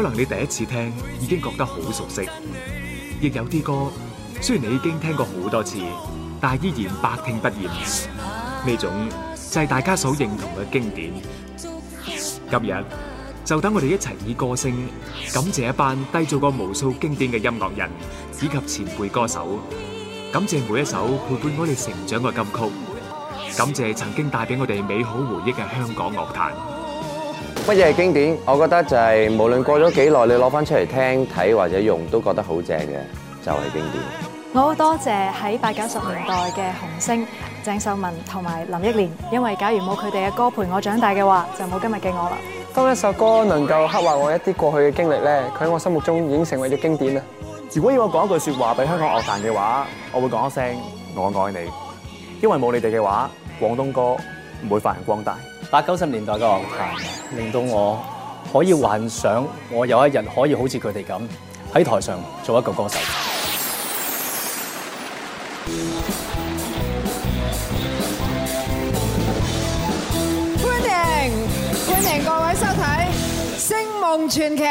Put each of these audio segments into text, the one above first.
可能你第一次聽已經覺得好熟悉，亦有啲歌雖然你已經聽過好多次，但係依然百聽不厭。呢種就係大家所認同嘅經典。今日就等我哋一齊以歌聲感謝一班締造過無數經典嘅音樂人以及前輩歌手，感謝每一首陪伴我哋成長嘅金曲，感謝曾經帶俾我哋美好回憶嘅香港樂壇。乜嘢係經典？我覺得就係無論過咗幾耐，你攞翻出嚟聽、睇或者用，都覺得好正嘅，就係經典。我好多謝喺八九十年代嘅紅星鄭秀文同埋林憶蓮，因為假如冇佢哋嘅歌陪我長大嘅話，就冇今日嘅我啦。當一首歌能夠刻畫我一啲過去嘅經歷咧，佢喺我心目中已經成為咗經典啦。如果要我講一句說話俾香港樂壇嘅話，我會講一聲我愛你，因為冇你哋嘅話，廣東歌唔會發揚光大。八九十年代嘅樂壇，令到我可以幻想，我有一日可以好似佢哋咁喺台上做一個歌手。歡迎歡迎各位收睇《星夢傳奇》。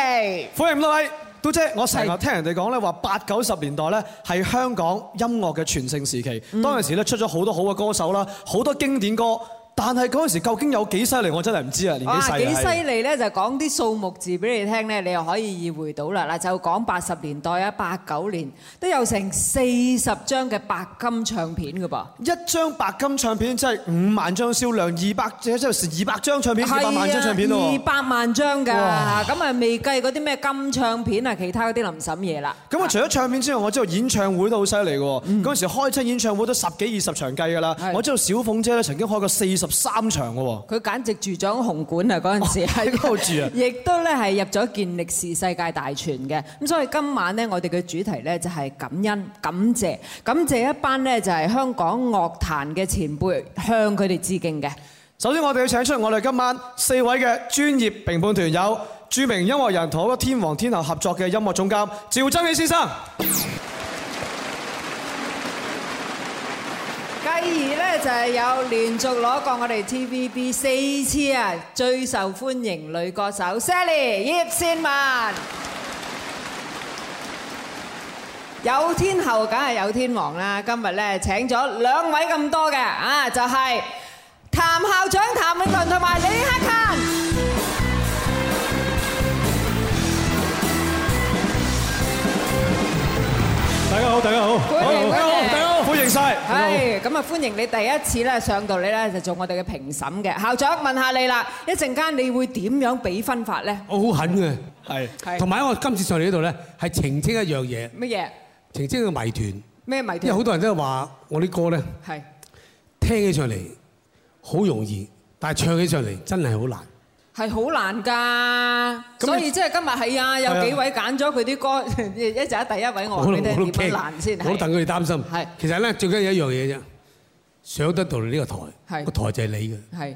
歡迎各位，都姐，我成日聽人哋講咧，話八九十年代咧係香港音樂嘅全盛時期，嗯、當陣時咧出咗好多好嘅歌手啦，好多經典歌。但係嗰陣時究竟有幾犀利？我真係唔知啊！年幾細？幾犀利咧？就講啲數目字俾你聽咧，你又可以意會到啦。嗱，就講八十年代啊，八九年都有成四十張嘅白金唱片嘅噃。一張白金唱片真係五萬張銷量，二百即即二百張唱片，二百萬張唱片咯。係啊，二百萬張㗎，咁啊未計嗰啲咩金唱片啊，其他嗰啲林沈嘢啦。咁啊，除咗唱片之外，我知道演唱會都好犀利嘅喎。嗰、嗯、陣時開親演唱會都十幾二十場計㗎啦。我知道小鳳姐曾經開過四十三場嘅，佢簡直住咗紅館啊！嗰陣時喺嗰度住啊，亦都咧係入咗《健力士世界大全》嘅。咁所以今晚呢，我哋嘅主題呢就係感恩、感謝，感謝一班呢就係香港樂壇嘅前輩，向佢哋致敬嘅。首先，我哋要請出我哋今晚四位嘅專業評判團，有著名音樂人同好多天王天后合作嘅音樂總監趙增熹先生。第二咧就係有連續攞過我哋 TVB 四次啊最受歡迎女歌手 Sally 葉蒨文，有天后梗係有天王啦！今日咧請咗兩位咁多嘅啊，就係譚校長譚詠麟同埋李克勤。大家好，大家好，歡迎，大家好，歡迎曬。係咁啊，歡迎你第一次咧上到嚟咧就做我哋嘅評審嘅校長，問下你啦。一陣間你會點樣畀分法咧？我好狠嘅，係，係。同埋我今次上嚟呢度咧，係澄清一樣嘢。乜嘢？澄清個謎團。咩謎團？因為好多人都話我啲歌咧，係聽起上嚟好容易，但係唱起上嚟真係好難。係好難㗎，所以即係今日係啊，有幾位揀咗佢啲歌，一就喺第一位我，你我，你睇點難先？好等佢哋擔心。係，其實咧最緊要一樣嘢啫，上得到呢個台，個台就係你嘅。係。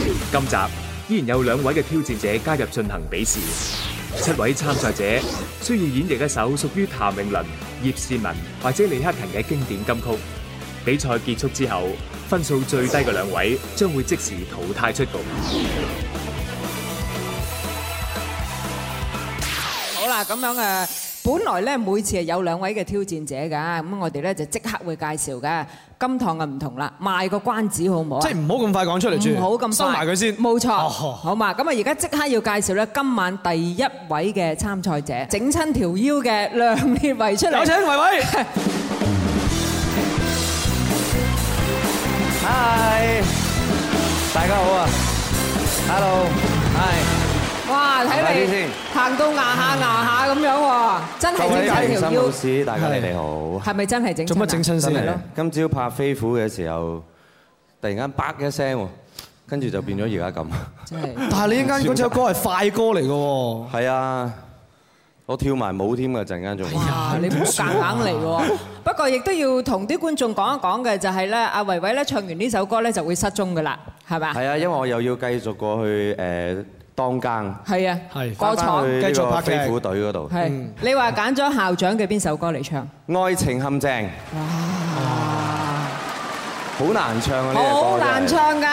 今集依然有兩位嘅挑戰者加入進行比試，七位參賽者需要演繹一首屬於譚詠麟、葉蒨文或者李克勤嘅經典金曲。比賽結束之後，分數最低嘅兩位將會即時淘汰出局好。好啦，咁樣誒、啊。本來呢，每次有兩位嘅挑戰者㗎，咁我哋呢就即刻會介紹㗎。今趟就唔同啦，賣個關子好唔好？即係唔好咁快講出嚟住，唔好咁快，收埋佢先。冇錯，好嘛。咁我而家即刻要介紹呢，今晚第一位嘅參賽者，整親條腰嘅梁烈唯，出嚟有請唯唯 hi，大家好啊。 hello hi 哇！睇你行到牙下牙下咁樣喎，真係整條腰。陳生老師，大家你哋好。係咪真係整親？做乜整親先嚟咯？今朝拍飛虎嘅時候，突然間啪一聲喎，跟住就變咗而家咁。即係。但係你陣間嗰首歌係快歌嚟嘅喎。係啊，我跳埋舞添啊陣間仲。哇！你夾硬嚟喎。不過亦都要同啲觀眾講一講嘅就係咧，阿維維咧唱完呢首歌咧就會失蹤嘅啦，係嘛？係啊，因為我又要繼續過去誒。當間係啊，係歌廠繼續拍飛虎隊嗰度。係你話揀咗校長嘅邊首歌嚟唱？愛情陷阱。哇！好難唱啊呢個歌。好難唱㗎。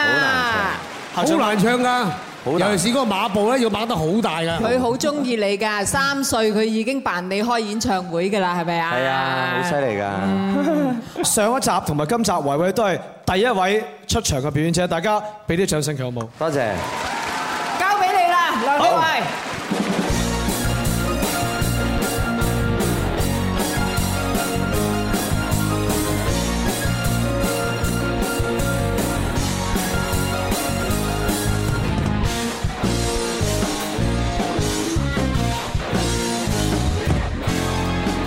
好難唱㗎。好難唱㗎。尤其是嗰個馬步咧，要掹得好大㗎。佢好中意你㗎，三歲佢已經扮你開演唱會㗎啦，係咪啊？係啊，好犀利㗎。上一集同埋今集唯唯都係第一位出場嘅表演者，大家俾啲掌聲佢好冇？多謝。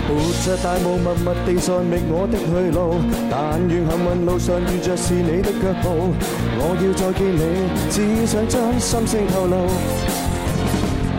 活在大霧，默默地尋覓我的去路。但願幸運路上遇着是你的腳步。我要再見你，只想將心聲透露。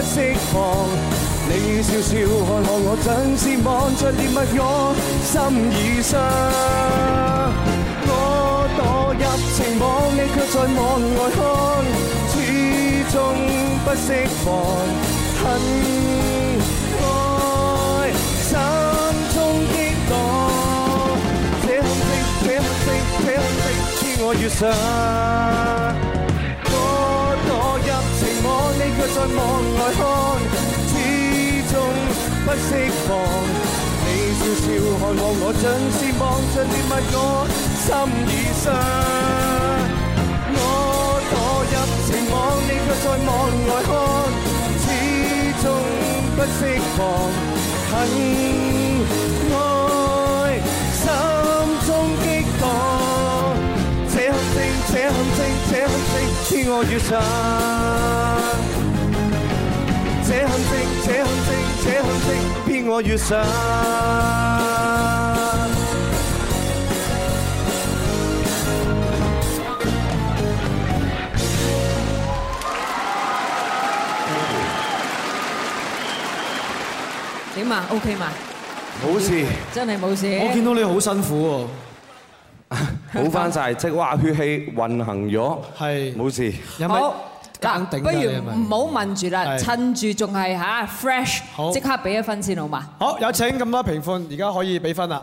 不釋放，你笑笑看看我，像是望着獵物，我心已傷。我墮入情網，你卻在網外看，始終不釋放。恨愛心中激盪，這陷阱，這陷阱，這陷阱，牽我遇上。在網外看，始終不釋放。你笑笑看我，像是望著獵物，我心已傷。我墮入情網，你卻在網外看，始終不釋放。恨愛心中激盪，這陷阱，這陷阱，這陷阱，偏我遇上。這陷阱，這陷阱，這陷阱，偏我遇上。點啊？OK 嘛？冇事。真係冇事。我見到你好辛苦喎，補翻晒，即係哇，血氣運行咗，係冇事。有冇。不如唔好問住啦，趁住仲係吓 fresh，即刻俾一分先好嘛？好，有請咁多評判，而家可以俾分啦。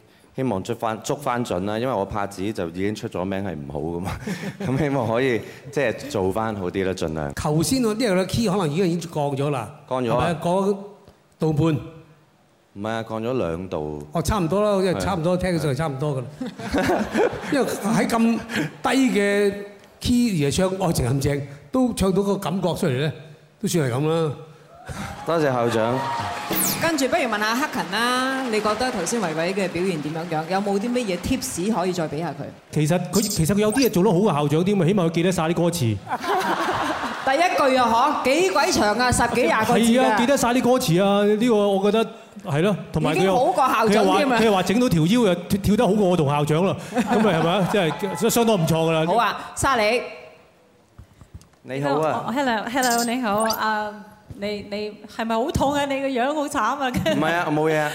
希望捉翻捉翻準啦，因為我怕自己就已經出咗名係唔好噶嘛，咁希望可以即係做翻好啲啦，盡量。頭先我呢個 key 可能已經已經降咗啦，降咗啊、那個，降度半。唔係啊，降咗兩度。哦，差唔多啦，因為差唔多，聽上嚟差唔多噶啦。因為喺咁低嘅 key 而唱《愛情陷阱》，都唱到個感覺出嚟咧，都算係咁啦。多謝校長。跟住，不如問下克勤啦，你覺得頭先唯唯嘅表現點樣樣？有冇啲乜嘢 tips 可以再俾下佢？其實佢其實佢有啲嘢做得好嘅校長添啊，起碼佢記得晒啲歌詞。第一句啊，嗬，幾鬼長啊，十幾廿個字啊。係啊，記得晒啲歌詞啊，呢個我覺得係咯，同埋佢好過校長添啊。佢話佢話整到條腰又跳得好過我同校長啦，咁咪係咪啊？即係相當唔錯噶啦。好啊，Sally，你好啊，Hello，Hello，你好啊。你你係咪好痛啊？你個樣好慘啊！唔係啊，我冇嘢啊。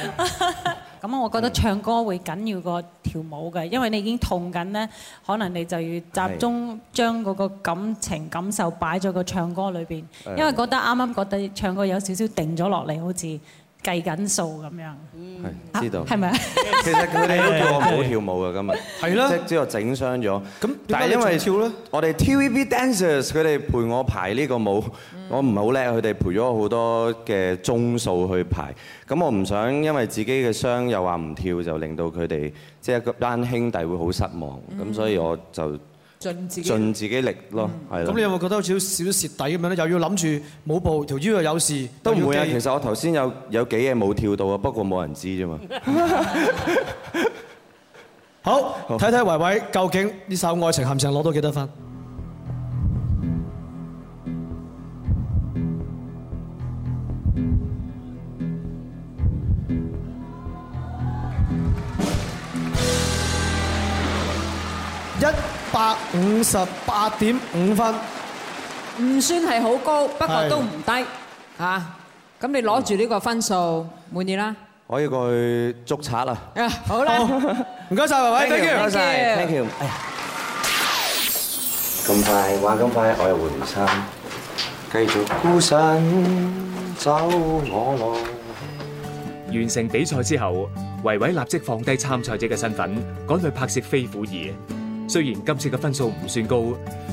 咁我覺得唱歌會緊要過跳舞嘅，因為你已經痛緊咧，可能你就要集中將嗰個感情感受擺咗個唱歌裏邊，因為覺得啱啱覺得唱歌有少少定咗落嚟，好似，計緊數咁樣，係知道係咪？其實佢哋都叫我唔好跳舞㗎今日，係囉，即係之後整傷咗。咁但係因為跳咧，我哋 TVB Dancers 佢哋陪我排呢個舞，我唔係好叻，佢哋陪咗我好多嘅鐘數去排。咁我唔想因為自己嘅傷又話唔跳，就令到佢哋即係一班兄弟會好失望。咁所以我就。盡自己力咯，係咯。咁你有冇覺得好似少少蝕底咁樣咧？又要諗住舞步，條腰又有事。都唔會啊！其實我頭先有有幾嘢冇跳到啊，不過冇人知啫嘛。好，睇睇唯唯究竟呢首愛情陷阱攞到幾多分？百五十八點五分，唔算係好高，不過都唔低吓。咁你攞住呢個分數，滿意啦？可以過去捉賊啦！好啦，唔該曬，唯唯，唔該曬，Thank you。咁快，話咁快，我又換衫，繼續孤身走我路。完成比賽之後，唯唯立即放低參賽者嘅身份，趕去拍攝飛虎兒。雖然今次嘅分數唔算高，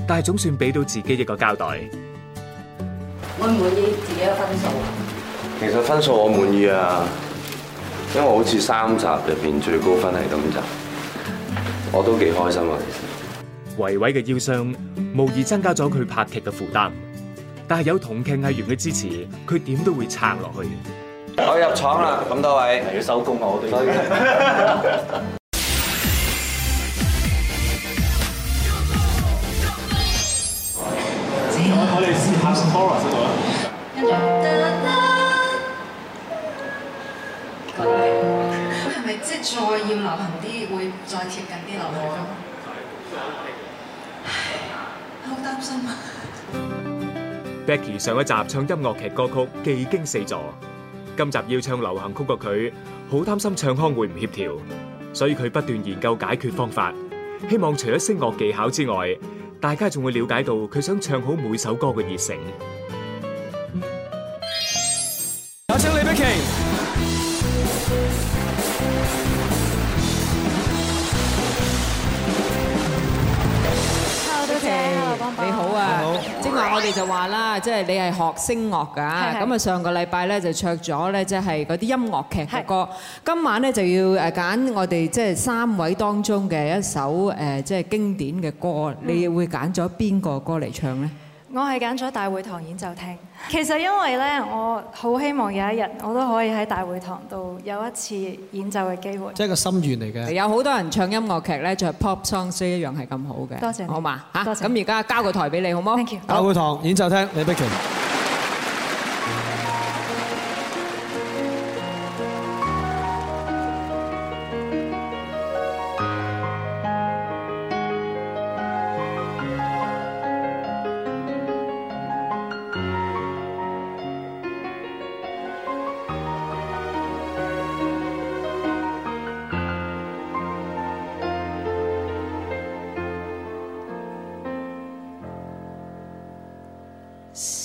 但係總算俾到自己一個交代。我滿意自己嘅分數。其實分數我滿意啊，因為我好似三集入邊最高分係咁集，我都幾開心啊、嗯。其實。唯唯嘅腰傷無疑增加咗佢拍劇嘅負擔，但係有同劇藝員嘅支持，佢點都會撐落去我了。我入廠啦，咁多位。要收工我哋。 我我哋試下《Flora》先啦。跟住，係咪即係再要流行啲，會再貼近啲流行歌？好擔心啊！Becky 上一集唱音樂劇歌曲《技驚四座》，今集要唱流行曲個佢，好擔心唱腔會唔協調，所以佢不斷研究解決方法，希望除咗聲樂技巧之外。大家仲會瞭解到佢想唱好每首歌嘅熱誠。有請李璧琦。Hello，Jack，你好。我哋就話啦，即係你係學聲樂㗎，咁啊上個禮拜咧就唱咗咧，即係嗰啲音樂劇嘅歌。今晚咧就要誒揀我哋即係三位當中嘅一首誒，即係經典嘅歌。你會揀咗邊個歌嚟唱咧？我係揀咗大會堂演奏廳，其實因為咧，我好希望有一日我都可以喺大會堂度有一次演奏嘅機會。即係個心願嚟嘅。有好多人唱音樂劇咧，就係 pop songs 一樣係咁好嘅。多謝。好嘛吓，多謝，咁而家交個台俾你好麼？大會堂演奏廳，李璧琦。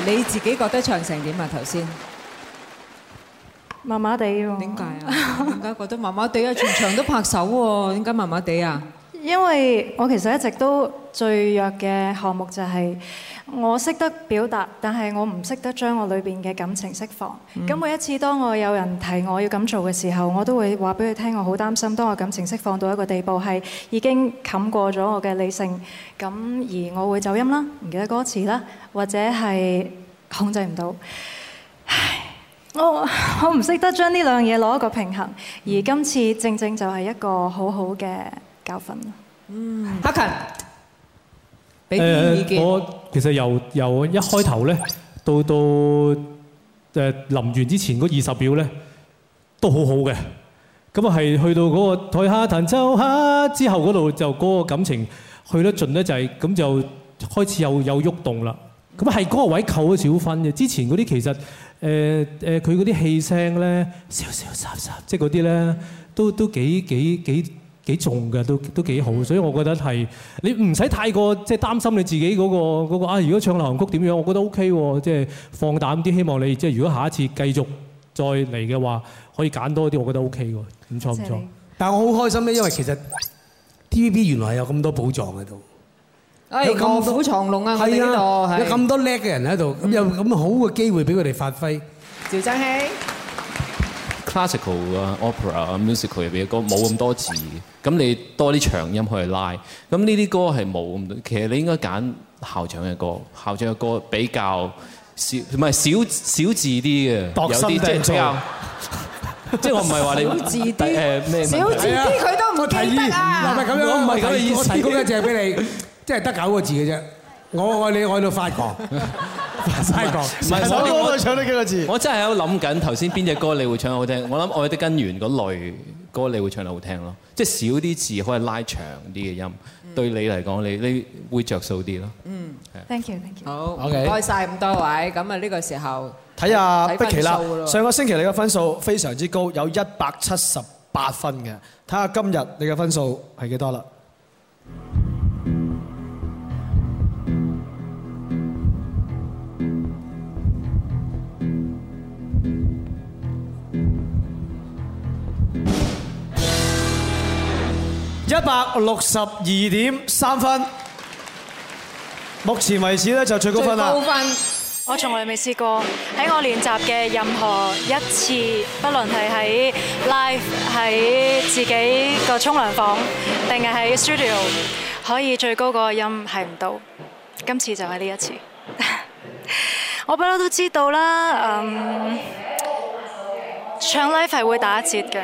你自己覺得唱成點啊？頭先麻麻地喎。點解啊？點解覺得麻麻地啊？全場都拍手喎，點解麻麻地啊？因為我其實一直都最弱嘅項目就係。我識得表達，但係我唔識得將我裏邊嘅感情釋放。咁每一次當我有人提我，我要咁做嘅時候，我都會話俾佢聽，我好擔心。當我感情釋放到一個地步係已經冚過咗我嘅理性，咁而我會走音啦，唔記得歌詞啦，或者係控制唔到。唉，我我唔識得將呢兩嘢攞一個平衡。而今次正正就係一個好好嘅教訓。嗯，誒，我其實由由一開頭咧，到到誒臨完之前嗰二十秒咧，都好好嘅。咁啊，係去到嗰個台下彈奏下之後嗰度，就嗰個感情去得盡咧，就係咁就開始又有喐動啦。咁啊，係嗰個位扣咗少分嘅。之前嗰啲其實誒誒，佢嗰啲氣聲咧，沙沙沙沙，即係嗰啲咧，都都幾幾幾，幾重㗎，都都幾好，所以我覺得係你唔使太過即係擔心你自己嗰個嗰個啊。如果唱流行曲點樣，我覺得 OK 喎。即係放膽啲，希望你即係如果下一次繼續再嚟嘅話，可以揀多啲，我覺得 OK 喎，唔錯唔錯。謝謝。但係我好開心咧，因為其實 TVB 原來有咁多寶藏喺度，有臥虎藏龍啊，喺度有咁多叻嘅人喺度，有咁好嘅機會俾佢哋發揮。趙增熹。Classical 啊、opera 啊、musical 入邊嘅歌冇咁多字，咁你多啲長音去拉，咁呢啲歌係冇咁多，其實你應該揀校長嘅歌，校長嘅歌比較少，唔係少少字啲嘅，有啲、就是、 即係即係我唔係話你少字啲，少、呃、字啲佢、啊、都唔記得啊！唔係咁樣，我唔係咁嘅意思，我提我提我提供一隻俾你，即係得九個字嘅啫，我愛你愛到發狂。 唔係，首歌我唱呢幾個字。我真係喺度諗緊頭先邊隻歌你會唱得好聽。 我諗愛的根源嗰類歌你會唱得好聽咯，即係少啲字可以拉長啲嘅音，對你嚟講你呢會着數啲咯。嗯，thank you，thank you。好，OK，唔該晒咁多位。咁啊呢個時候睇下璧琦啦。上個星期你嘅分數非常之高，有一百七十八分嘅。睇下今日你嘅分數係幾多啦？一百六十二點三分，目前為止咧就最高分啦。我從來未試過喺我練習嘅任何一次，不論係喺 live 喺自己個沖涼房，定係喺 studio，可以最高嗰個音係唔到。今次就係呢一次，我不嬲都知道啦。嗯，唱 live 係會打一折嘅。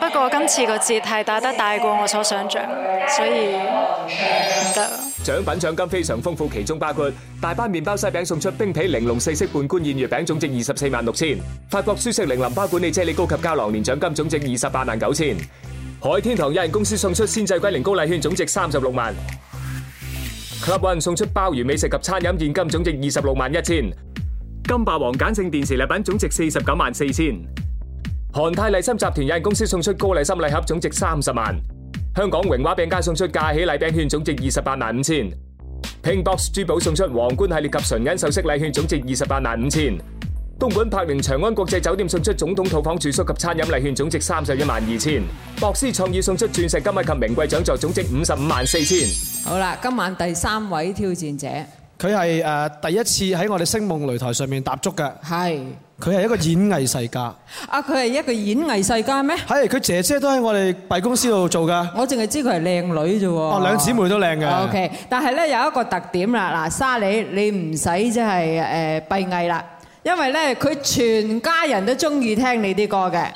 不過今次個折係打得大過我所想象，所以唔得啦。獎品獎金非常豐富，其中包括大班麵包西餅送出冰皮玲瓏四式半官燕月餅總值二十四萬六千，法國舒適玲瓏包管理啫喱高級膠囊年獎金總值二十八萬九千，海天堂有限公司送出鮮製龜苓膏禮券總值三十六萬，Club One 送出鮑魚美食及餐飲現金總值二十六萬一千，金霸王鹼性電池禮品總值四十九萬四千。韓泰麗森集團有限公司送出高麗參禮盒，總值三十萬；香港榮華餅家送出嫁喜禮餅券，總值二十八萬五千；平 box 珠寶送出皇冠系列及純銀首飾禮券，總值二十八萬五千；東莞柏聯長安國際酒店送出總統套房住宿及餐飲禮券，總值三十一萬二千；博思創意送出鑽石金幣及名貴獎座，總值五十五萬四千。好啦，今晚第三位挑戰者。佢係誒第一次喺我哋星夢擂台上面踏足嘅，係佢係一個演藝世家。啊，佢係一個演藝世家咩？係，佢姐姐都喺我哋敝公司度做㗎。我淨係知佢係靚女啫喎。哦，兩姊妹都靚嘅。OK，但係咧有一個特點啦，嗱，Sally 你唔使即係誒閉翳啦，因為咧佢全家人都中意聽你啲歌嘅。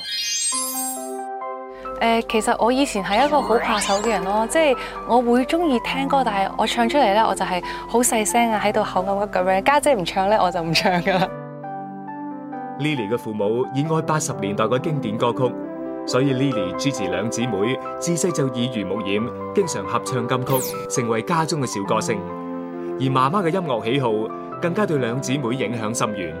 誒、呃，其實我以前係一個好怕醜嘅人咯，即係我會中意聽歌，但係我唱出嚟咧，我就係好細聲啊，喺度口啞啞咁樣。家姐唔唱咧，我就唔唱噶。Lily 嘅父母熱愛八十年代嘅經典歌曲，所以 Lily，支持兩姊妹自細就耳濡目染，經常合唱金曲，成為家中嘅小歌星。而媽媽嘅音樂喜好更加對兩姊妹影響深遠。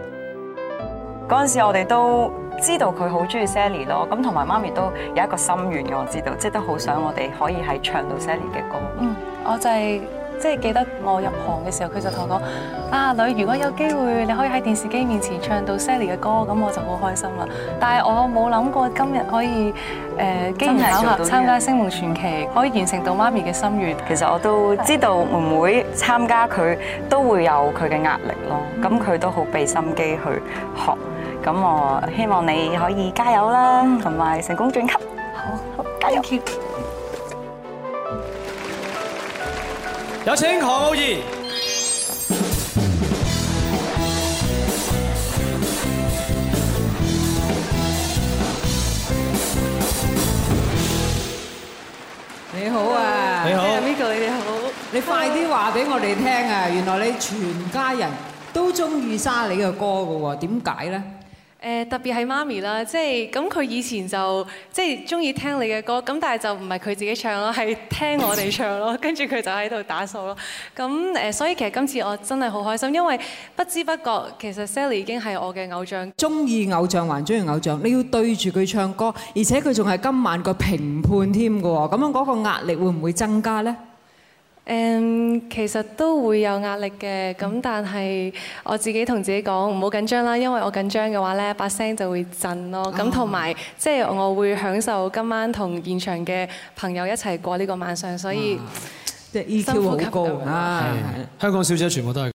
嗰陣時，我哋都知道佢好中意 Sally 咯，咁同埋媽咪都有一個心願嘅，我知道，即係都好想我哋可以喺唱到 Sally 嘅歌。嗯，我就係即係記得我入行嘅時候，佢就同我講啊女，如果有機會你可以喺電視機面前唱到 Sally 嘅歌，咁我就好開心啦。但係我冇諗過今日可以誒，機緣巧合參加《星夢傳奇》，可以完成到媽咪嘅心願。其實我都知道妹妹參加佢都會有佢嘅壓力咯，咁佢都好俾心機去學。咁我希望你可以加油啦，同埋成功晉級。好，加油！有請何傲兒。你好啊，你好，Miko，你哋好，你快啲話俾我哋聽啊！原來你全家人都中意 Sally 嘅歌噶喎，點解咧？誒，特別係媽咪啦，即係咁佢以前就即係中意聽你嘅歌，咁但係就唔係佢自己唱咯，係聽我哋唱咯，跟住佢就喺度打掃咯。咁誒，所以其實今次我真係好開心，因為不知不覺其實 Sally 已經係我嘅偶像。中意偶像還中意偶像，你要對住佢唱歌，而且佢仲係今晚個評判添㗎喎，咁樣嗰個壓力會唔會增加咧？誒，其實都會有壓力嘅，咁但係我自己同自己講唔好緊張啦，因為我緊張嘅話咧，把聲就會震咯。咁同埋即係我會享受今晚同現場嘅朋友一齊過呢個晚上，所以即係 EQ 好高啊！香港小姐全部都係。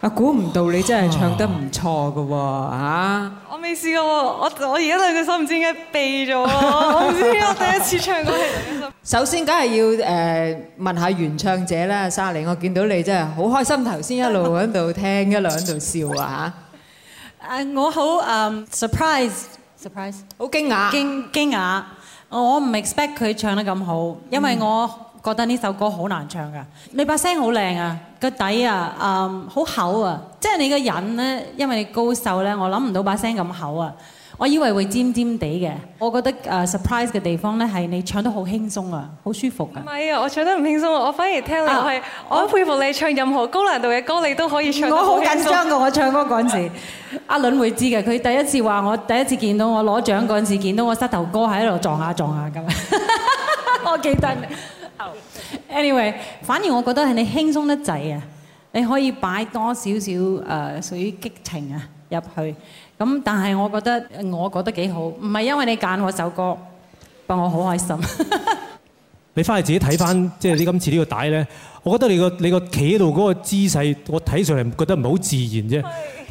啊，估唔到你真係唱得唔錯嘅喎，嚇！我未試過我，我我而家兩隻手唔知點解痹咗，我唔知，我第一次唱佢。首先，梗係要誒問下原唱者啦，莎莉，我見到你真係好開心，頭先一路喺度聽一路喺度笑啊嚇！誒，我好誒 surprise，surprise，好驚訝，驚訝驚訝驚訝，我唔 expect 佢唱得咁好，因為我。覺得呢首歌好難唱噶，你把聲好靚啊，個底啊，嗯，好厚啊，即係你個人呢，因為你高瘦呢，我諗唔到把聲咁厚啊，我以為會尖尖地嘅，我覺得誒 surprise 嘅地方呢，係你唱得好輕鬆啊，好舒服㗎。唔係啊，我唱得唔輕鬆啊，我反而聽你係，我，我佩服你唱任何高難度嘅歌，你都可以唱。我好緊張㗎，我唱歌嗰陣時，時 阿倫會知嘅，佢第一次話我，第一次見到我攞獎嗰陣時，見到我膝頭哥喺度撞下撞下咁，我記得。Anyway，反而我覺得係你輕鬆得滯啊，你可以擺多少少誒，屬於激情啊入去。咁但係我覺得我覺得幾好，唔係因為你揀我首歌，不過我好開心。你翻去自己睇翻，即係你今次呢個帶咧，我覺得你個你個企喺度嗰個姿勢，我睇上嚟覺得唔係好自然啫，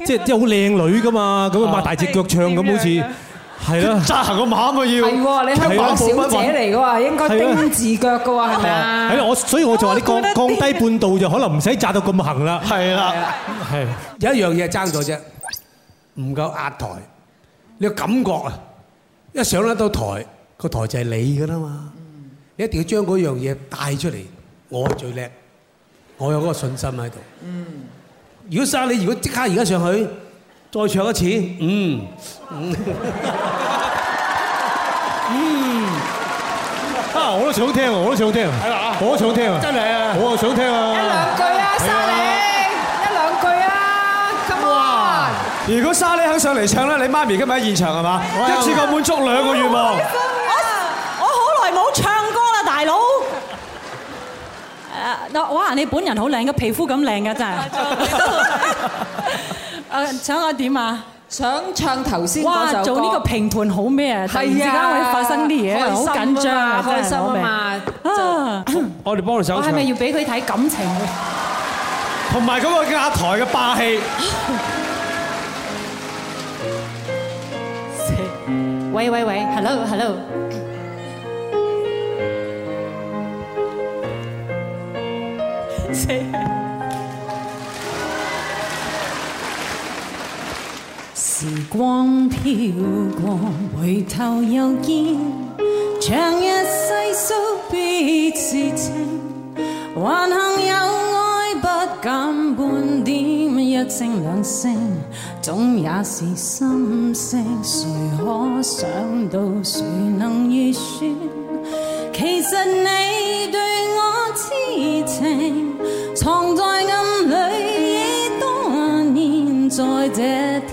即係即係好靚女噶嘛，咁啊擘大隻腳唱咁好似。係啦，紮行個馬啊，要。係喎，你香港小姐嚟嘅喎，應該丁字腳嘅喎，係咪啊？係咯，我所以我就話你降降低半度就可能唔使紮到咁行啦。係啦，係有一樣嘢爭咗啫，唔夠壓台。你個感覺啊，一上得到台個台就係你嘅啦嘛。你一定要將嗰樣嘢帶出嚟，我最叻，我有嗰個信心喺度。嗯。如果生你，如果即刻而家上去。再唱一次，嗯嗯，啊、 嗯，我都想聽喎，我都想聽，係啦，我都想聽啊，真係啊，我啊想聽啊，一兩句啊，莎莉，一兩句啊，come on！如果莎莉肯上嚟唱咧，你媽咪今日喺現場係嘛？一次夠滿足兩個願望我我。我我好耐冇唱歌啦，大佬。啊！誒，哇，你本人好靚嘅，皮膚咁靚嘅真係。 誒，想我點啊？想唱頭先嗰首。哇，做呢個評判好咩啊？突然之間會發生啲嘢，好緊張啊，開心啊嘛，就我哋幫你手。係咪要俾佢睇感情？同埋嗰個壓台嘅霸氣。喂喂喂，hello hello。時光飄過，回頭又見，長日細數別時情，還幸有愛不減半點，一聲兩聲，總也是心聲。誰可想到，誰能預算？其實你對我痴情，藏在暗裏已多年，在這。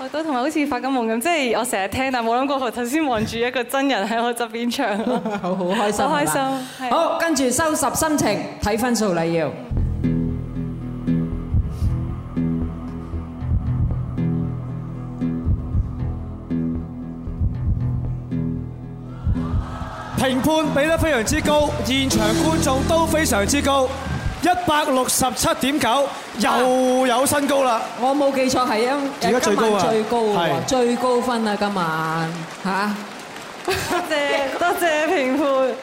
我都同埋好似發緊夢咁，即係我成日聽，但冇諗過頭先望住一個真人喺我側邊唱，好，好開心。好，跟住收拾心情，睇分數嚟要。評判俾得非常之高，現場觀眾都非常之高。一百六十七點九又有新高啦！我冇記錯係啊，而家最高啊，最高分啊，今晚嚇！多謝多謝評判。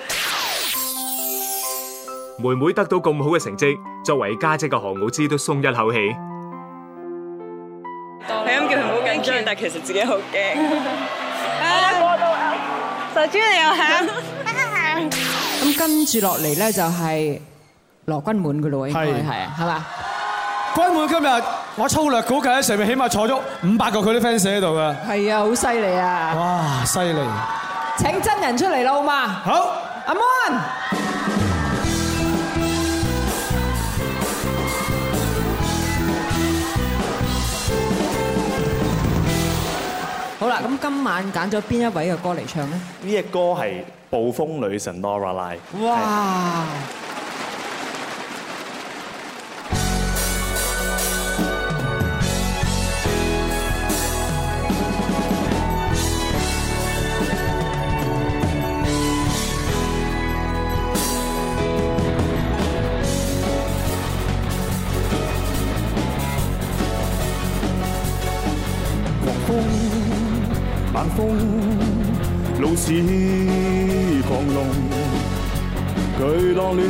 妹妹得到咁好嘅成績，作為家姐嘅何寶芝都鬆一口氣。係咁叫佢唔好緊張，但係其實自己好驚。手錶你又響。咁跟住落嚟咧，就係。羅鈞滿嘅路，應該係啊，係嘛？鈞滿今日，我粗略估計喺上面，起碼坐咗五百個佢啲 fans 喺度噶。係啊，好犀利啊！哇，犀利！請真人出嚟啦，好嘛？好，阿 Moon。好啦，咁今晚揀咗邊一位嘅歌嚟唱呢？呢隻歌係《暴風女神》Lorelei。哇！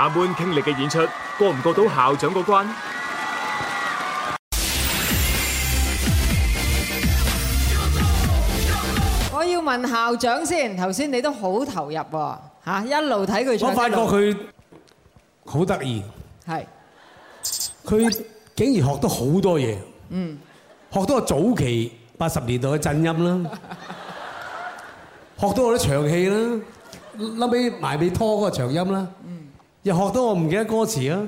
阿滿傾力嘅演出，過唔過到校長個關？我要問校長先，頭先你都好投入，吓，一路睇佢，我發覺佢好得意，係佢竟然學到好多嘢。嗯，學到個早期八十年代嘅震音啦，學到我啲長氣啦，諗起埋尾拖嗰個長音啦。又學到我唔記得歌詞啊！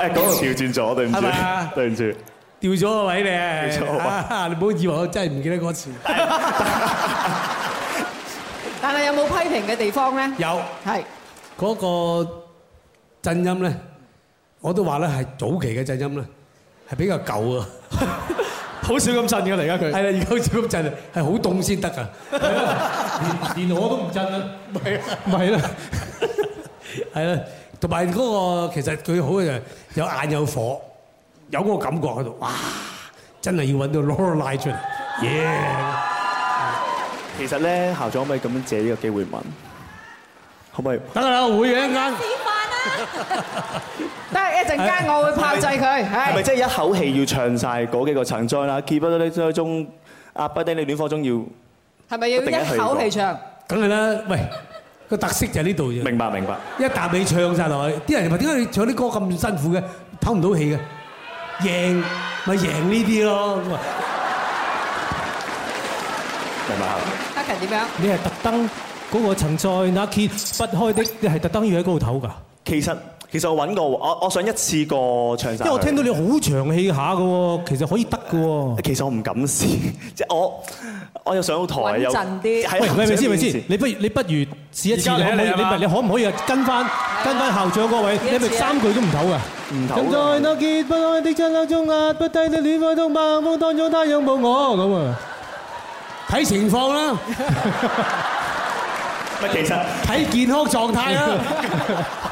誒，講調轉咗，對唔住，對唔住，調咗個位你啊！調錯，你唔好以為我真係唔記得歌詞。但係有冇批評嘅地方咧？有，係嗰個震音咧，我都話咧係早期嘅震音咧，係比較舊啊，好少咁震嘅嚟噶佢。係啦，而家好似咁震，係好凍先得噶，連我都唔震啦，唔係啦。係啦，同埋嗰個其實最好嘅就係有眼有火，有嗰個感覺喺度，哇！真係要揾到攞到拉出嚟。耶！其實咧，校長可唔可以咁樣借呢個機會問，可唔可以？得啦，會嘅一陣。點辦？得一陣間，我會炮製佢。係咪即係一口氣要唱曬嗰幾個層次啦？結不到呢中阿不丁呢段歌中要，係咪要一口氣唱？梗係啦，喂！個特色就係呢度嘢，明白明白。一啖你唱曬落去，啲人話點解你唱啲歌咁辛苦嘅，唞唔到氣嘅，贏咪贏呢啲咯。明白嚇？阿勤點樣？你係特登嗰個曾在，那揭不開的，你係特登要喺嗰度唞㗎。其實。其實我揾過，我我想一次過唱晒，因為我聽到你好長氣下嘅喎，其實可以得嘅喎。其實我唔敢試，即係我我又上到台又。穩陣啲。係咪先？係咪先？你不如你不如試一次，你可，可你，你可唔可以跟翻跟翻校長嗰位，長位？你咪三句都唔唞啊？唔唞。咁在那結不開的春紗中，壓不低的戀火中，暴風當中他擁抱我咁啊！睇情況啦。其實睇健康狀態啊。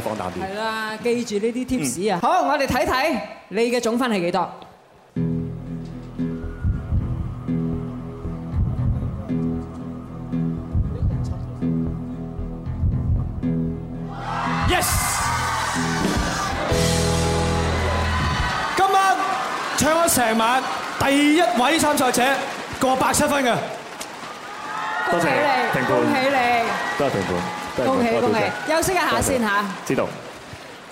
係啦，記住呢啲 tips 啊！好，我哋睇睇你嘅總分係幾多？Yes，今晚唱咗成晚，第一位參賽者過百七分嘅，恭喜你，恭喜你，多謝評判。恭喜恭喜，休息一下先嚇。知道。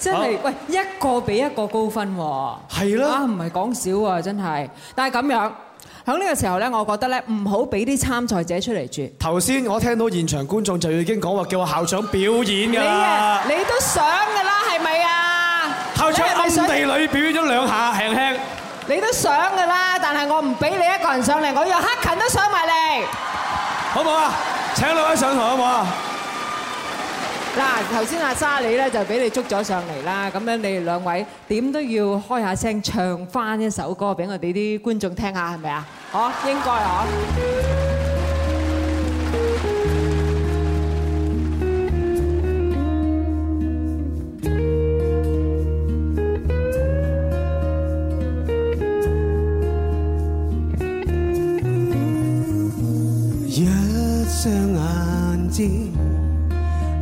真係，喂，一個比一個高分喎。係咯。啊，唔係講少啊，真係。但係咁樣，喺呢個時候咧，我覺得咧，唔好俾啲參賽者出嚟住。頭先我聽到現場觀眾就要已經講話，叫我校長表演㗎。你啊，你都想㗎啦，係咪啊？校長暗地裏表演咗兩下，輕輕。你都想㗎啦，但係我唔俾你一個人上嚟，我要克勤都上埋嚟，好唔好啊？請兩位上台好唔好啊？嗱，頭先阿沙莉咧就俾你捉咗上嚟啦，咁樣你哋兩位點都要開下聲唱翻一首歌俾我哋啲觀眾聽下，係咪啊？好，應該啊。一雙眼睛。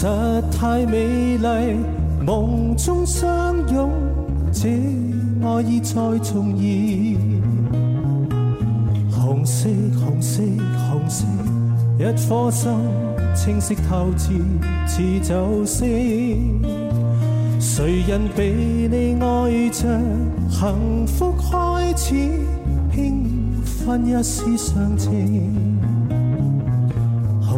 實太美麗，夢中相擁，這愛意再重現。紅色，紅色，紅色，一顆心，清晰透徹，似酒色。誰人被你愛着，幸福開始，興奮一絲上情。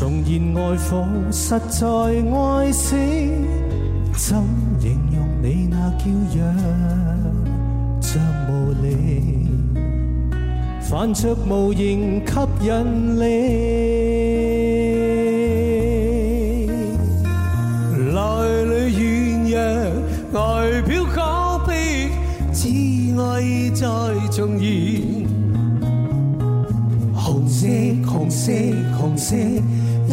重現愛火，實在愛死，怎形容你那嬌弱，像無力，泛着無形吸引力。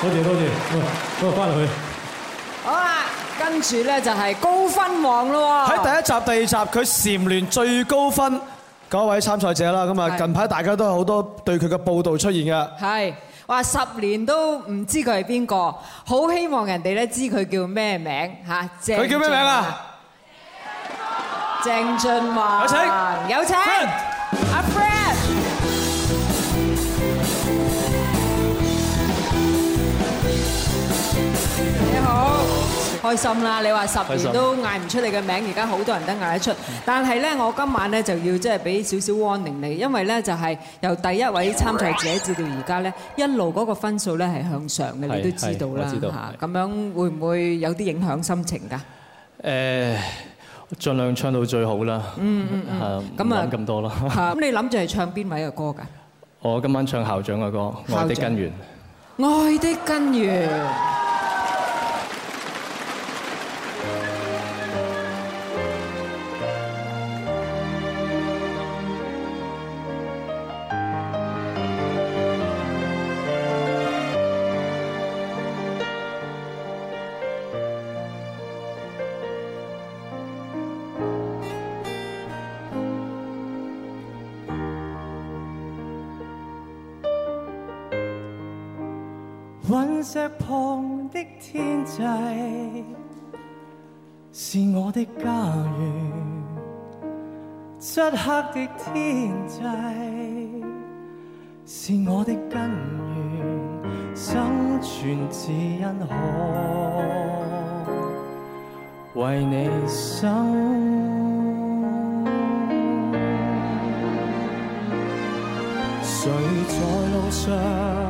多謝多謝，好，翻落去。好啊，跟住咧就係高分王咯喎。喺第一集、第二集，佢蟬聯最高分嗰位參賽者啦。咁啊，近排大家都有好多對佢嘅報導出現嘅。係，話十年都唔知佢係邊個，好希望人哋咧知佢叫咩名嚇。佢叫咩名啊？鄭俊弘。有請，有請阿 Fred。開心啦！你話十年都嗌唔出你嘅名，而家好多人都嗌得出。但係咧，我今晚咧就要即係俾少少 warning 你，因為咧就係由第一位參賽者至到而家咧，一路嗰個分數咧係向上嘅，你都知道啦嚇。咁樣會唔會有啲影響心情噶？誒、嗯，盡量唱到最好啦。嗯，咁啊，咁多啦。嚇，咁你諗住係唱邊位嘅歌噶？我今晚唱校長嘅歌《愛的根源》。愛的根源。隕石旁的天際，是我的家園。漆黑的天際，是我的根源。生存只因可為你守。誰在路上？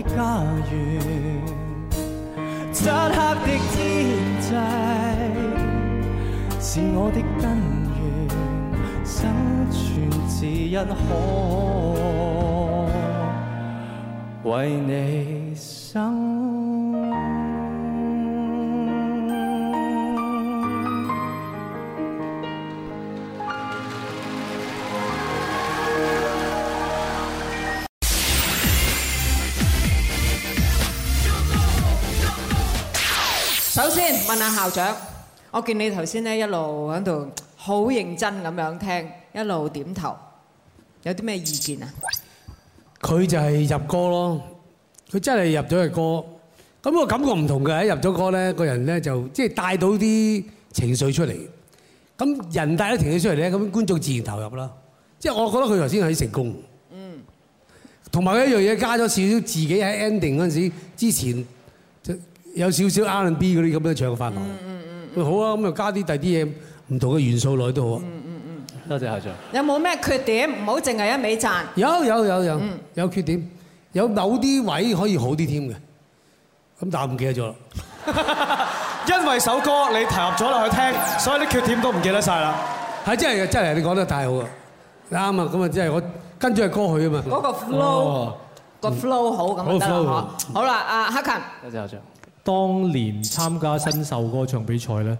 的家園，漆黑的天際，是我的根源，生存只因可為你。首先問下校長，我見你頭先咧一路喺度好認真咁樣聽，一路點頭，有啲咩意見啊？佢就係入歌咯，佢真係入咗入歌，咁我、那個、感覺唔同嘅喺入咗歌咧，個人咧就即係帶到啲情緒出嚟，咁人帶咗情緒出嚟咧，咁觀眾自然投入啦。即係我覺得佢頭先係成功，嗯，同埋一樣嘢加咗少少自己喺 ending 嗰陣時之前。有少少 R&B 嗰啲咁嘅唱法喎，嗯嗯好啊，咁又加啲第啲嘢唔同嘅元素落去都好啊，嗯嗯嗯，多謝校長。有冇咩缺點？唔好淨係一味讚。有有有有，有缺點，有某啲位可以好啲添嘅，咁但係唔記得咗。因為首歌你投入咗落去聽，所以啲缺點都唔記得晒啦。係真係真係，你講得太好啊，啱啊，咁啊即係我跟住個歌去啊嘛。嗰個 flow、個 flow 好咁得好啦，阿黑勤。多謝校長。當年參加新秀歌唱比賽咧，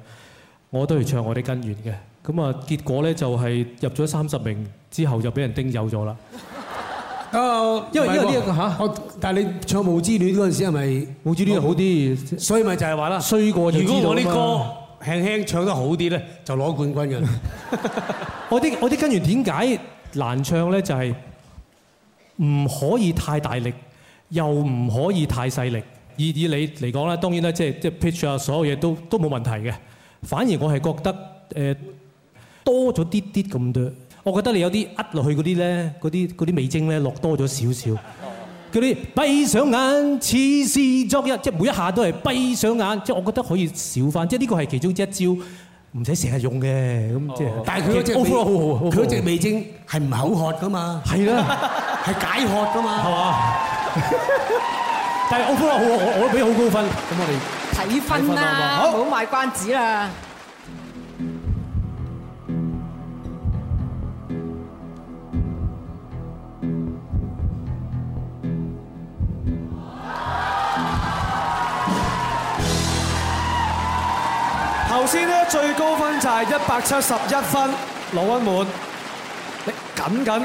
我都係唱我啲根源嘅，咁啊結果咧就係入咗三十名之後就俾人叮走咗啦。因為因為呢一個嚇、啊，但係你唱無的是是《霧之戀》嗰陣時係咪《霧之戀》好啲？所以咪就係話啦，衰過。如果我啲歌輕輕唱得好啲咧，就攞冠軍㗎。我啲我啲根源點解難唱咧？就係唔可以太大力，又唔可以太細力。以以你嚟講啦，當然啦，即係即係 pitch 啊，所有嘢都都冇問題嘅。反而我係覺得誒、呃、多咗啲啲咁多，我覺得你有啲噏落去嗰啲咧，嗰啲嗰啲味精咧落多咗少少。嗰啲閉上眼，似是昨日，即係每一下都係閉上眼，即係我覺得可以少翻。即係呢個係其中之一招，唔使成日用嘅咁即係。但係佢嗰隻味精好好，佢嗰隻味精係唔口渴噶嘛，是嘛。係啦，係解渴噶嘛，係嘛？但係歐風話好，我我都俾好高分，咁我哋睇分啦，好唔好賣關子啦？頭先咧最高分就係一百七十一分，羅鈞滿，你緊緊。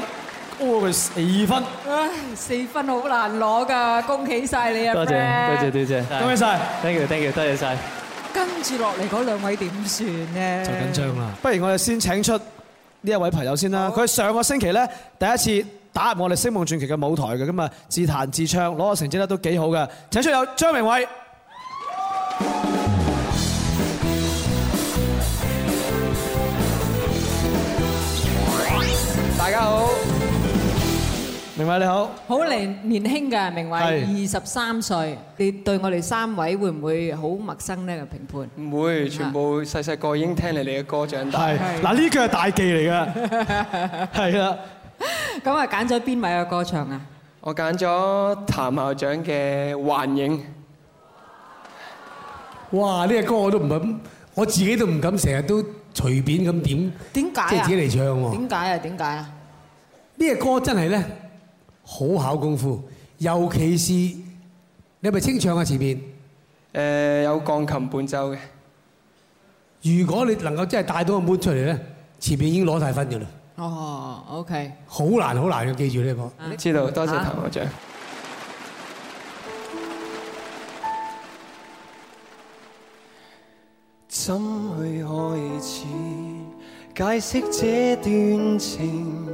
哇！四分，唉，四分好難攞噶，恭喜曬你啊！多謝多謝多謝，恭喜曬，thank you thank you，多謝曬。跟住落嚟嗰兩位點算呢？就緊張啦！不如我哋先請出呢一位朋友先啦，佢上個星期咧第一次打入我哋《星夢傳奇》嘅舞台嘅，咁啊自彈自唱攞個成績咧都幾好㗎，請出有張明偉。大家好。明偉你好。好年年輕嘅明偉，二十三歲。你對我哋三位會唔會好陌生呢？個評判唔會，全部細細個已經聽你哋嘅歌長大。嗱，呢句係大忌嚟㗎。 對了笑係啦。噉啊，揀咗邊位嘅歌唱啊？我揀咗譚校長嘅幻影。嘩，呢隻歌我都唔敢，我自己都唔敢，成日都隨便噉點。點解啊？即係自己嚟唱喎。點解啊？點解啊？呢隻歌真係呢。好考功夫，尤其是你係咪清唱啊？前面，誒有鋼琴伴奏嘅。如果你能夠真係帶到個 moon 出嚟咧，前面已經攞晒分嘅啦。哦，OK。好難好難要記住呢個。知道，多謝譚校長、啊。怎、啊、去、啊、開始解釋這段情？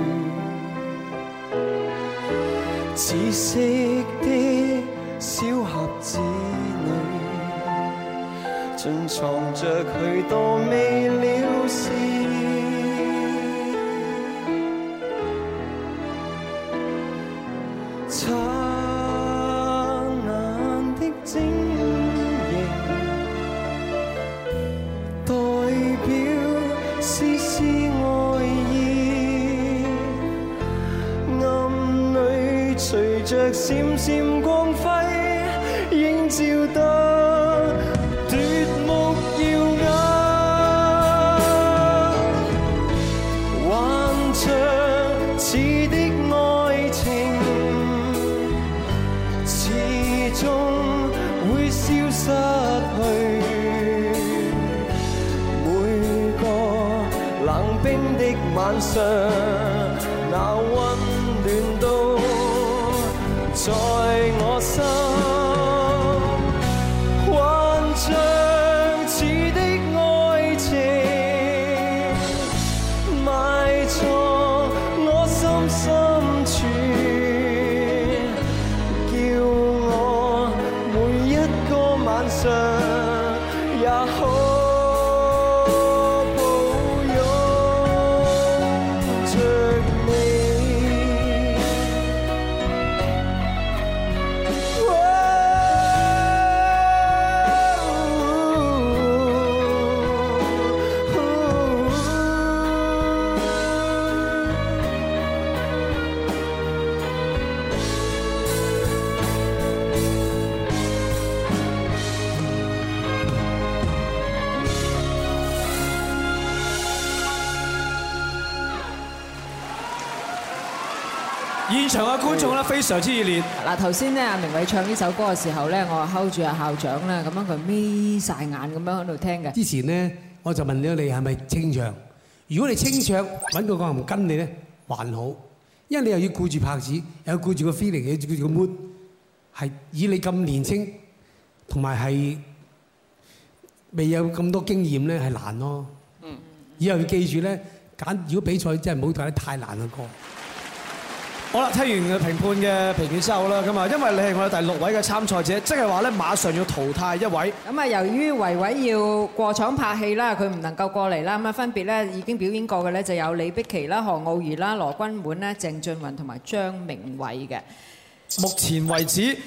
紫色的小盒子裏，盡藏着許多未了事。觀眾咧非常之熱烈。嗱，頭先咧，阿明偉唱呢首歌嘅時候咧，我 hold 住阿校長咧，咁樣佢眯曬眼咁樣喺度聽嘅。之前咧，我就問你，你係咪清唱？如果你清唱，揾個歌喉唔跟你咧，還好，因為你又要顧住拍子，又要顧住個 feeling，又要顧住個 mood。係以你咁年輕，同埋係未有咁多經驗咧，係難咯。嗯。以後要記住咧，揀如果比賽真係唔好彈太難嘅歌。好啦，聽完嘅評判嘅評斷之後啦，咁啊，因為你係我哋第六位嘅參賽者，即係話咧，馬上要淘汰一位。咁啊，由於唯唯要過廠拍戲啦，佢唔能夠過嚟啦。咁啊，分別咧已經表演過嘅咧，就有李璧琦啦、何傲兒啦、羅鈞滿咧、鄭俊弘同埋張明偉嘅。目前為止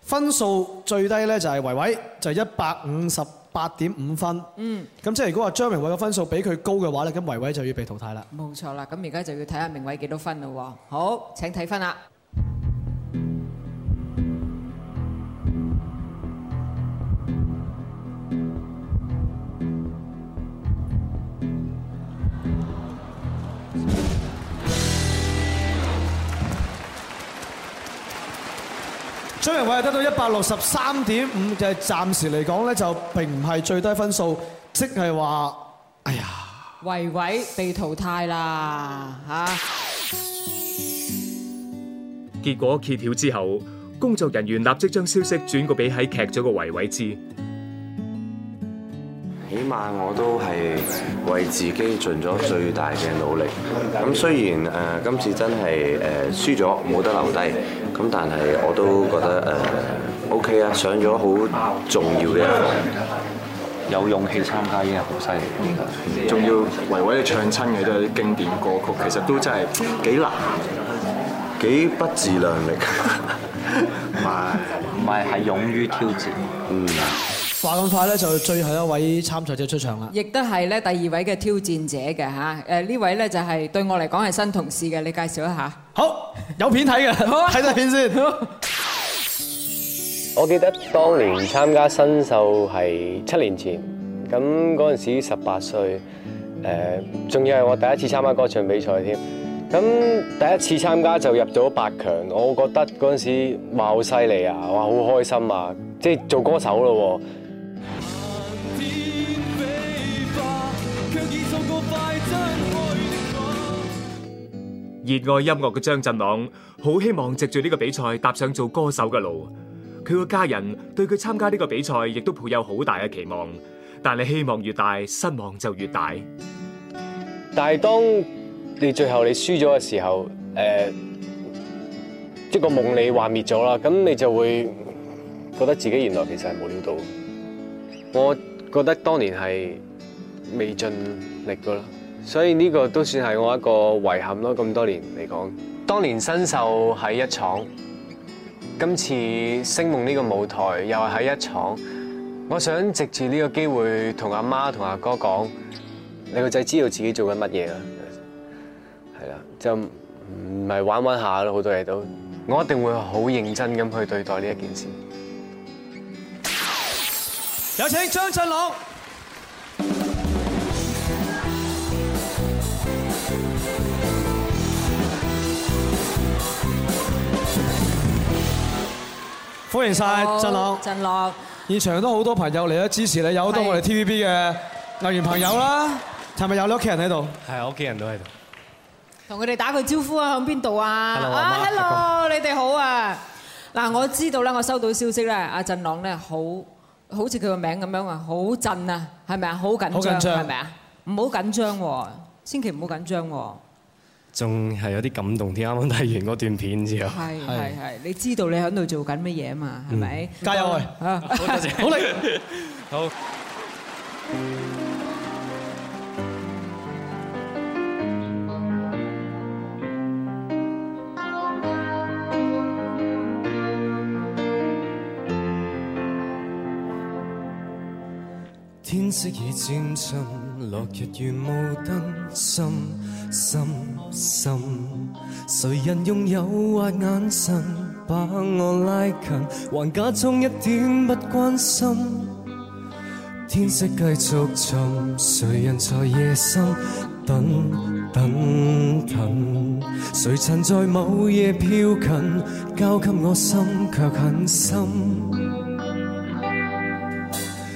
分數最低咧，就係唯唯，就一百五十八點五分，嗯，咁即係如果話張明偉嘅分數比佢高嘅話呢，咁唯唯就要被淘汰啦。冇錯啦，咁而家就要睇下明偉幾多分喎。好，請睇分啦。張明偉得到一百六十三點五嘅，暫時嚟講咧就並唔係最低分數，即係話，哎呀，維維被淘汰啦！嚇、啊！結果揭曉之後，工作人員立即將消息轉告俾喺劇組嘅維維知。起碼我都係為自己盡咗最大嘅努力。咁雖然誒今次真係誒輸咗，冇得留低。咁但係我都覺得誒、呃、OK 啊，上咗好重要嘅一堂，有勇氣參加已經好犀利。仲要唯唯你唱親嘅都係啲經典歌曲，其實都真係幾難，幾不自量力。唔係唔係，係勇於挑戰。嗯。話咁快咧，就最後一位參賽者出場啦！亦都係咧第二位嘅挑戰者嘅吓，誒呢位咧就係對我嚟講係新同事嘅，你介紹一下。好，有片睇嘅，睇睇片先。我記得當年參加新秀係七年前，咁嗰陣時十八歲，誒仲要係我第一次參加歌唱比賽添。咁第一次參加就入咗八強，我覺得嗰陣時哇好犀利啊，哇好開心啊，即係做歌手咯。呃熱愛音樂嘅張振朗好希望藉住呢個比賽踏上做歌手嘅路，佢個家人對佢參加呢個比賽亦都抱有好大嘅期望。但係希望越大，失望就越大。但係當你最後你輸咗嘅時候，誒、呃，即係個夢你幻滅咗啦，咁你就會覺得自己原來其實係冇料到。我覺得當年係未盡力噶啦。所以呢個都算係我一個遺憾咯。咁多年嚟講，當年新秀喺一廠，今次星夢呢個舞台又係喺一廠，我想藉住呢個機會同阿媽、同阿哥講，你個仔知道自己做緊乜嘢啦。係啦，就唔係玩玩下咯，好多嘢都，我一定會好認真咁去對待呢一件事。有請張振朗。歡迎晒，振朗，振朗！現場都好多朋友嚟咗支持你，有好多我哋 TVB 嘅藝員朋友啦。係咪有你屋企人喺度？係，屋企人都喺度。同佢哋打個招呼啊！響邊度啊？Hello，你哋好啊！嗱，我知道啦，我收到消息啦。阿振朗咧，好好似佢個名咁樣啊，好震啊，係咪啊？好緊張，好緊張係咪啊？唔好緊張喎，千祈唔好緊張喎。仲係有啲感動添，啱啱睇完嗰段片之後，係係係，你知道你喺度做緊乜嘢啊？嘛，係咪？加油啊！好多謝，好嚟，好。天色已漸沉。落日遠無燈深深深，誰人用誘惑眼神把我拉近，還假裝一點不關心。天色繼續沉，誰人在夜深等等等？誰曾在某夜飄近，交給我心卻狠心。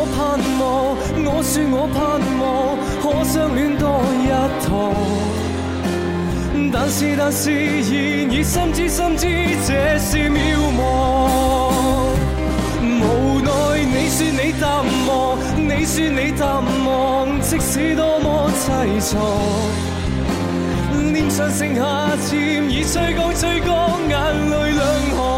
我盼望，我說我盼望，可相戀多一趟。但是但是，現已深知深知這是渺茫。無奈你說你淡忘，你說你淡忘，即使多麼淒愴。臉上剩下漸已吹乾吹乾，眼淚兩行。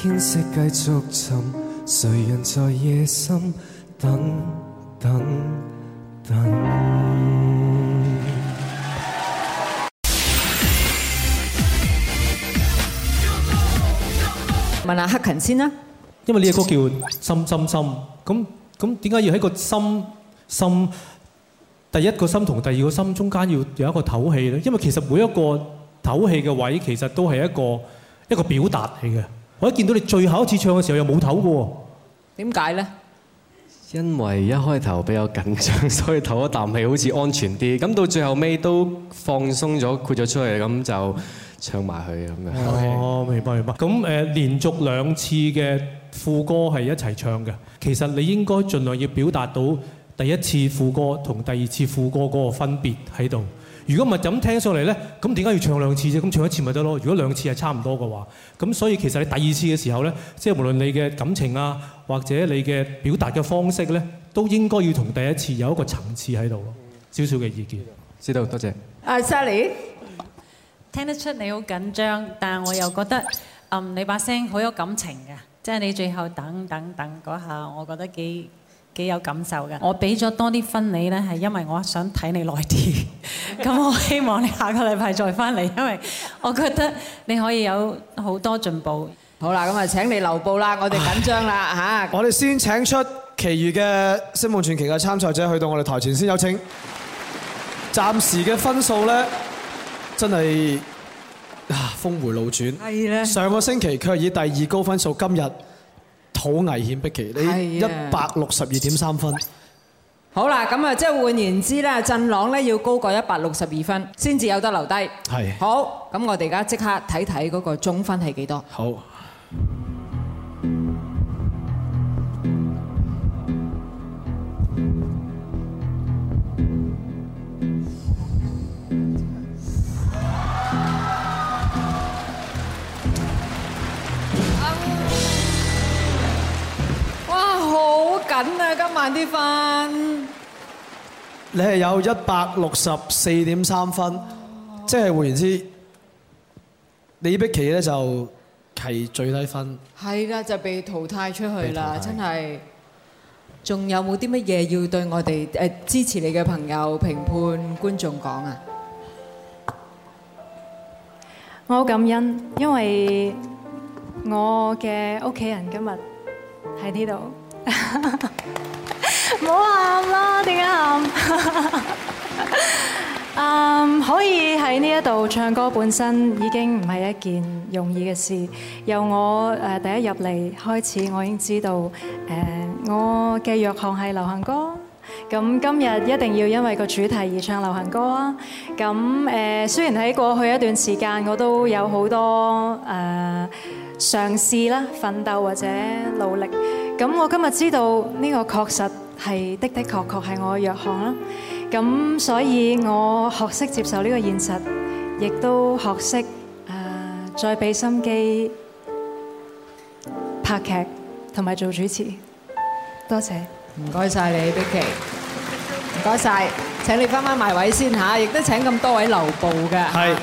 天色繼續沉，誰人在夜深等等等？問下克勤先啦，因為呢隻歌叫深深深。咁咁點解要喺個深深，第一個深同第二個深中間要有一個唞氣咧？因為其實每一個唞氣嘅位，其實都係一個一個表達嚟嘅。我一見到你最後一次唱嘅時候又冇唞嘅喎，點解呢？因為一開頭比較緊張，所以唞一啖氣好似安全啲。咁到最後尾都放鬆咗，豁咗出嚟，咁就唱埋佢咁嘅。哦，明白明白。咁誒，連續兩次嘅副歌係一齊唱嘅，其實你應該盡量要表達到第一次副歌同第二次副歌嗰個分別喺度。如果唔係咁聽上嚟咧，咁點解要唱兩次啫？咁唱一次咪得咯？如果兩次係差唔多嘅話，咁所以其實你第二次嘅時候咧，即係無論你嘅感情啊，或者你嘅表達嘅方式咧，都應該要同第一次有一個層次喺度咯。少少嘅意見，知，知道多謝，謝。阿 Sally，聽得出你好緊張，但我又覺得嗯你把聲好有感情嘅，即係你最後等等等嗰下，我覺得幾。幾有感受嘅，我俾咗多啲分你咧，係因為我想睇你耐啲。咁我希望你下個禮拜再翻嚟，因為我覺得你可以有好多進步。好啦，咁啊請你留步啦，我哋緊張啦嚇。我哋先請出其餘嘅《星夢傳奇》嘅參賽者去到我哋台前先有請。暫時嘅分數咧，真係啊峰回路轉。係咧。上個星期卻以第二高分數，今日。好危險 Becky 呢。你一百六十二點三分好。好啦，咁啊，即係換言之咧，振朗咧要高過一百六十二分，先至有得留低。係。好，咁我哋而家即刻睇睇嗰個總分係幾多。好。緊啊！今晚啲分，你係有一百六十四點三分，即係換言之李璧琦咧就係最低分，係啦就被淘汰出去啦，真係。仲有冇啲乜嘢要對我哋誒支持你嘅朋友、評判、觀眾講啊？我好感恩，因為我嘅屋企人今日喺呢度。唔好喊啦，點解喊？可以喺呢一度唱歌本身已經唔係一件容易嘅事。由我第一入嚟開始，我已經知道我嘅弱項係流行歌。咁今日一定要因為個主題而唱流行歌啊！咁，誒，雖然喺過去一段時間我都有好多誒嘗試啦、奮鬥或者努力。咁我今日知道呢個確實係的的確確係我嘅弱項啦。咁所以我學識接受呢個現實，亦都學識誒再俾心機拍劇同埋做主持。多謝。唔該曬你，璧琦。唔該曬，請你翻返埋位先嚇，亦都請咁多位留步嘅。係。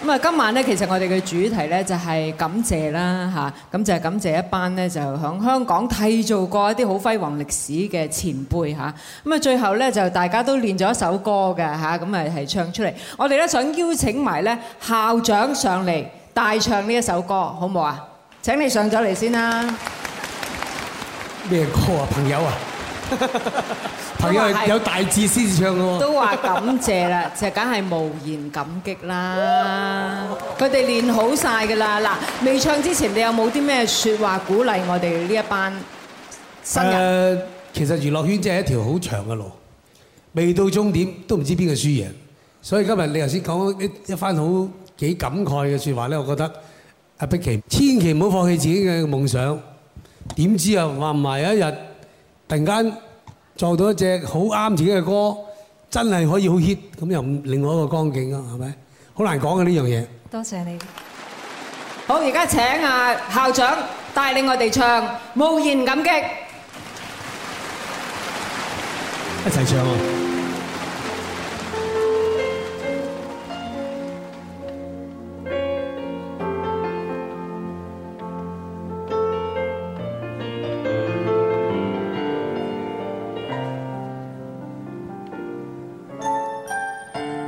咁啊，今晚咧，其實我哋嘅主題咧就係感謝啦嚇，咁就係感謝一班咧就響香港締造過一啲好輝煌歷史嘅前輩嚇。咁啊，最後咧就大家都練咗一首歌嘅嚇，咁咪係唱出嚟。我哋咧想邀請埋咧校長上嚟大唱呢一首歌，好冇啊？請你上咗嚟先啦。咩歌啊，朋友啊？朋友係有大志先至唱喎，都話感謝啦，就梗係無言感激啦。佢哋練好晒噶啦，嗱，未唱之前你有冇啲咩說話鼓勵我哋呢一班新人？其實娛樂圈真係一條好長嘅路，未到終點都唔知邊個輸贏，所以今日你頭先講一番好幾感慨嘅說話咧，我覺得阿碧琪千祈唔好放棄自己嘅夢想，點知啊話唔埋有一日。突然間做到一隻好啱自己嘅歌，真係可以好 hit，咁又另外一個光景咯，係咪？好難講嘅呢樣嘢。多謝你。好，而家請阿校長帶領我哋唱《無言感激》，一齊唱啊！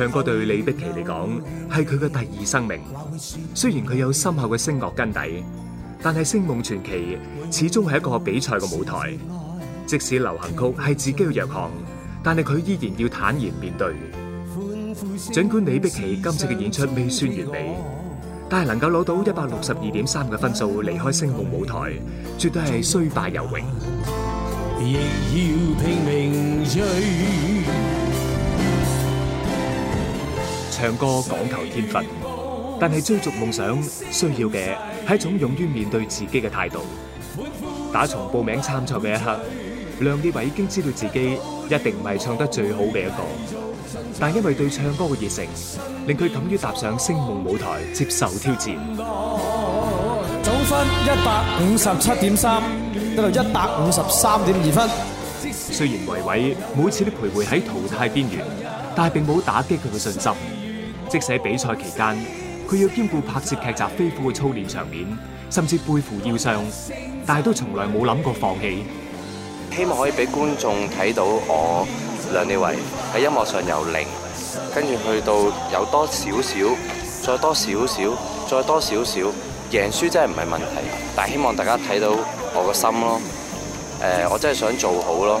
唱歌對李璧琦嚟講係佢嘅第二生命，雖然佢有深厚嘅聲樂根底，但係星夢傳奇始終係一個比賽嘅舞台。即使流行曲係自己嘅弱項，但係佢依然要坦然面對。盡管李璧琦今次嘅演出未算完美，但係能夠攞到一百六十二點三嘅分數離開星夢舞台，絕對係雖敗猶榮。亦要拼命追。唱歌講求天分,但係追逐夢想需要嘅係一種勇於面對自己嘅態度.打從報名參賽嘅一刻,梁烈唯已經知道自己一定唔係唱得最好嘅一個,但因為對唱歌嘅熱誠,令佢敢於踏上星夢舞台接受挑戰.總分一百五十七點三,得到一百五十三點二分.雖然唯唯每次都徘徊喺淘汰邊緣,但係並冇打擊佢嘅信心.即使比賽期間，佢要兼顧拍攝劇集飛虎嘅操練場面，甚至背負腰傷，但係都從來冇諗過放棄。希望可以俾觀眾睇到我梁烈唯喺音樂上由零，跟住去到有多少少，再多少少，再多少少，贏輸真係唔係問題，但係希望大家睇到我個心咯。誒，我真係想做好咯。